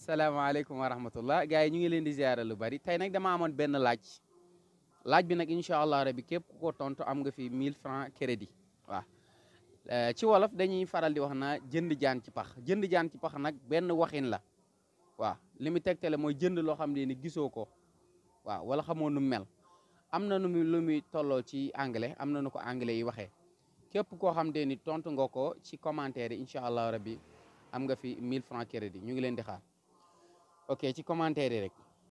salaamaaleykum wa rahmatullah gars yi ñu ngi leen di ziara lu bari tey nag dama amoon benn laaj laaj bi nag incha allah rabi képp ko tontu am nga fi mille francs crédit waaw eh, ci wolof dañuy faral di wax na jënd jaan ci pax jënd jaan ci pax nag benn waxin la waaw li mu tegtale mooy jënd loo xam ni gisoo ko waaw wala xamoo nu mel am na nu mu lu muy tolloo ci anglais am na nu ko anglais yi waxee képp koo xam te ni tontu nga ko ci commentaire yi incha allah rabi am nga fi 1000 francs crédit ñu ngi leen di xaar. ok ci commentaire yi rek